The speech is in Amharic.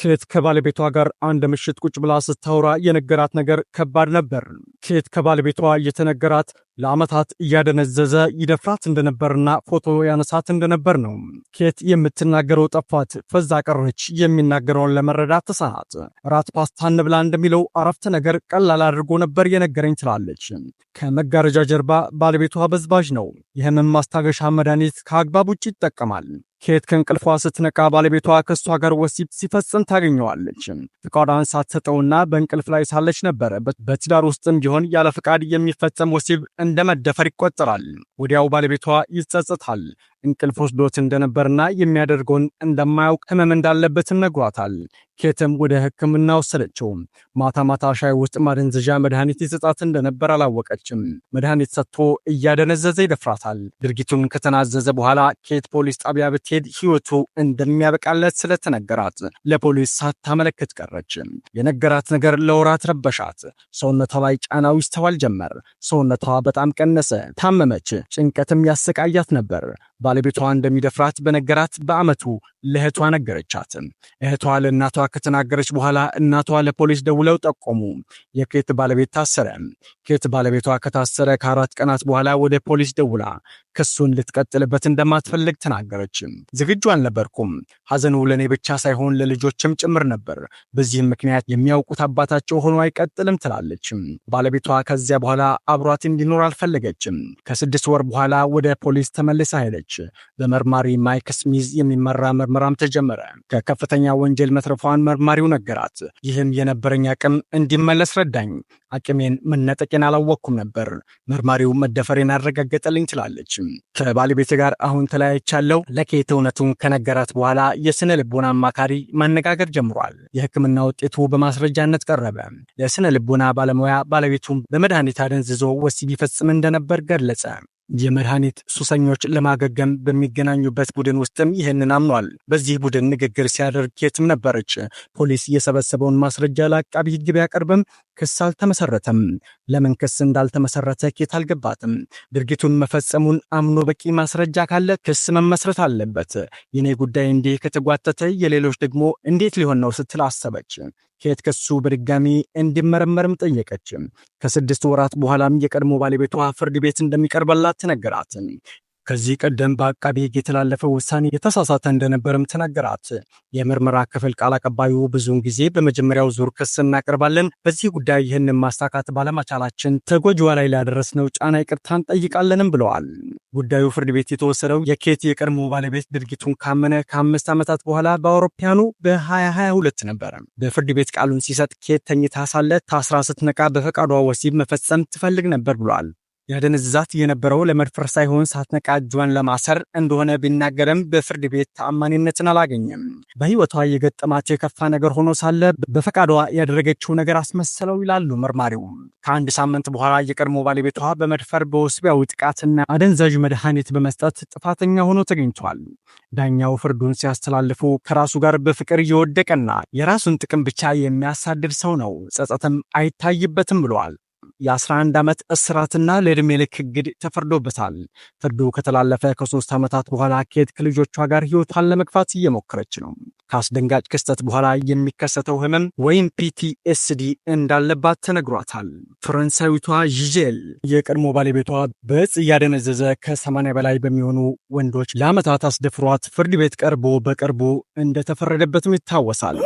ኬት ከባለቤቷ ጋር አንድ ምሽት ቁጭ ብላ ስታወራ የነገራት ነገር ከባድ ነበር። ኬት ከባለቤቷ የተነገራት ለዓመታት እያደነዘዘ ይደፍራት እንደነበርና ፎቶ ያነሳት እንደነበር ነው። ኬት የምትናገረው ጠፋት፣ ፈዛ ቀረች የሚናገረውን ለመረዳት ተሳናት። ራት ፓስታ ብላ እንደሚለው አረፍተ ነገር ቀላል አድርጎ ነበር የነገረኝ ትላለች። ከመጋረጃ ጀርባ ባለቤቷ በዝባዥ ነው። የህመም ማስታገሻ መድኃኒት ከአግባብ ውጭ ይጠቀማል። ኬት ከእንቅልፏ ስትነቃ ባለቤቷ ከእሷ ጋር ወሲብ ሲፈጽም ታገኘዋለች። ፍቃዷን ሳትሰጠውና በእንቅልፍ ላይ ሳለች ነበረ። በትዳር ውስጥም ቢሆን ያለ ፍቃድ የሚፈጸም ወሲብ እንደ መደፈር ይቆጠራል። ወዲያው ባለቤቷ ይጸጸታል። እንቅልፍ ወስዶት እንደነበርና የሚያደርገውን እንደማያውቅ ህመም እንዳለበትም ነግሯታል። ኬትም ወደ ህክምና ወሰደችው። ማታ ማታ ሻይ ውስጥ ማደንዘዣ መድኃኒት ይሰጣት እንደነበር አላወቀችም። መድኃኒት ሰጥቶ እያደነዘዘ ይደፍራታል። ድርጊቱን ከተናዘዘ በኋላ ኬት ፖሊስ ጣቢያ ብትሄድ ህይወቱ እንደሚያበቃለት ስለተነገራት ለፖሊስ ሳታመለክት ቀረች። የነገራት ነገር ለወራት ረበሻት። ሰውነቷ ላይ ጫናው ይስተዋል ጀመር። ሰውነቷ በጣም ቀነሰ። ታመመች። ጭንቀትም ያሰቃያት ነበር። ባለቤቷ እንደሚደፍራት በነገራት በዓመቱ ለእህቷ ነገረቻትም። እህቷ ለእናቷ ከተናገረች በኋላ እናቷ ለፖሊስ ደውለው ጠቆሙ። የኬት ባለቤት ታሰረ። ኬት ባለቤቷ ከታሰረ ከአራት ቀናት በኋላ ወደ ፖሊስ ደውላ ክሱን ልትቀጥልበት እንደማትፈልግ ተናገረች። ዝግጁ አልነበርኩም። ሐዘኑ ለእኔ ብቻ ሳይሆን ለልጆችም ጭምር ነበር። በዚህም ምክንያት የሚያውቁት አባታቸው ሆኖ አይቀጥልም ትላለች። ባለቤቷ ከዚያ በኋላ አብሯት እንዲኖር አልፈለገችም። ከስድስት ወር በኋላ ወደ ፖሊስ ተመልሳ ሄደች። በመርማሪ ማይክ ስሚዝ የሚመራ ምርመራም ተጀመረ። ከከፍተኛ ወንጀል መትረፏን መርማሪው ነገራት። ይህም የነበረኝ አቅም እንዲመለስ ረዳኝ። አቅሜን መነጠቄን አላወቅኩም ነበር። መርማሪው መደፈሬን አረጋገጠልኝ ትላለች። አልቻለችም። ከባለቤት ጋር አሁን ተለያይቻለሁ ለኬት እውነቱን ከነገራት በኋላ የስነ ልቦና አማካሪ ማነጋገር ጀምሯል። የሕክምና ውጤቱ በማስረጃነት ቀረበ። የስነ ልቦና ባለሙያ ባለቤቱም በመድኃኒት አደንዝዞ ወሲብ ይፈጽም እንደነበር ገለጸ። የመድኃኒት ሱሰኞች ለማገገም በሚገናኙበት ቡድን ውስጥም ይህንን አምኗል። በዚህ ቡድን ንግግር ሲያደርግ ኬትም ነበረች። ፖሊስ የሰበሰበውን ማስረጃ ለአቃቢ ሕግ ቢያቀርብም ክስ አልተመሰረተም። ለምን ክስ እንዳልተመሰረተ ኬት አልገባትም። ድርጊቱን መፈጸሙን አምኖ በቂ ማስረጃ ካለ ክስ መመስረት አለበት። የኔ ጉዳይ እንዲህ ከተጓተተ የሌሎች ደግሞ እንዴት ሊሆን ነው ስትል አሰበች። ኬት ክሱ በድጋሚ እንዲመረመርም ጠየቀች። ከስድስት ወራት በኋላም የቀድሞ ባለቤቷ ፍርድ ቤት እንደሚቀርበላት ነገራት። ከዚህ ቀደም በአቃቤ ሕግ የተላለፈው ውሳኔ የተሳሳተ እንደነበርም ተናገራት። የምርመራ ክፍል ቃል አቀባዩ ብዙውን ጊዜ በመጀመሪያው ዙር ክስ እናቀርባለን፣ በዚህ ጉዳይ ይህንን ማሳካት ባለመቻላችን ተጎጂዋ ላይ ላደረስነው ጫና ይቅርታ እንጠይቃለንም ብለዋል። ጉዳዩ ፍርድ ቤት የተወሰደው የኬት የቀድሞ ባለቤት ድርጊቱን ካመነ ከአምስት ዓመታት በኋላ በአውሮፓያኑ በ2022 ነበረ። በፍርድ ቤት ቃሉን ሲሰጥ ኬት ተኝታ ሳለ ታስራ ስትነቃ በፈቃዷ ወሲብ መፈጸም ትፈልግ ነበር ብሏል። ያደነዝዛት የነበረው ለመድፈር ሳይሆን ሳትነቃ እጇን ለማሰር እንደሆነ ቢናገርም በፍርድ ቤት ተአማኒነትን አላገኘም። በህይወቷ የገጠማት የከፋ ነገር ሆኖ ሳለ በፈቃዷ ያደረገችው ነገር አስመሰለው ይላሉ መርማሪው። ከአንድ ሳምንት በኋላ የቀድሞ ባለቤቷ በመድፈር በወሲባዊ ጥቃትና አደንዛዥ መድኃኒት በመስጠት ጥፋተኛ ሆኖ ተገኝቷል። ዳኛው ፍርዱን ሲያስተላልፉ ከራሱ ጋር በፍቅር እየወደቀና። የራሱን ጥቅም ብቻ የሚያሳድድ ሰው ነው፣ ጸጸትም አይታይበትም ብለዋል። የ11 ዓመት እስራትና ለዕድሜ ልክ እግድ ተፈርዶበታል። ፍርዱ ከተላለፈ ከሶስት ዓመታት በኋላ ኬት ከልጆቿ ጋር ሕይወቷን ለመግፋት እየሞከረች ነው። ከአስደንጋጭ ክስተት በኋላ የሚከሰተው ህመም ወይም ፒቲኤስዲ እንዳለባት ተነግሯታል። ፈረንሳዊቷ ዥዜል የቀድሞ ባለቤቷ በእጽ እያደነዘዘ ከ80 በላይ በሚሆኑ ወንዶች ለዓመታት አስደፍሯት ፍርድ ቤት ቀርቦ በቅርቡ እንደተፈረደበትም ይታወሳል።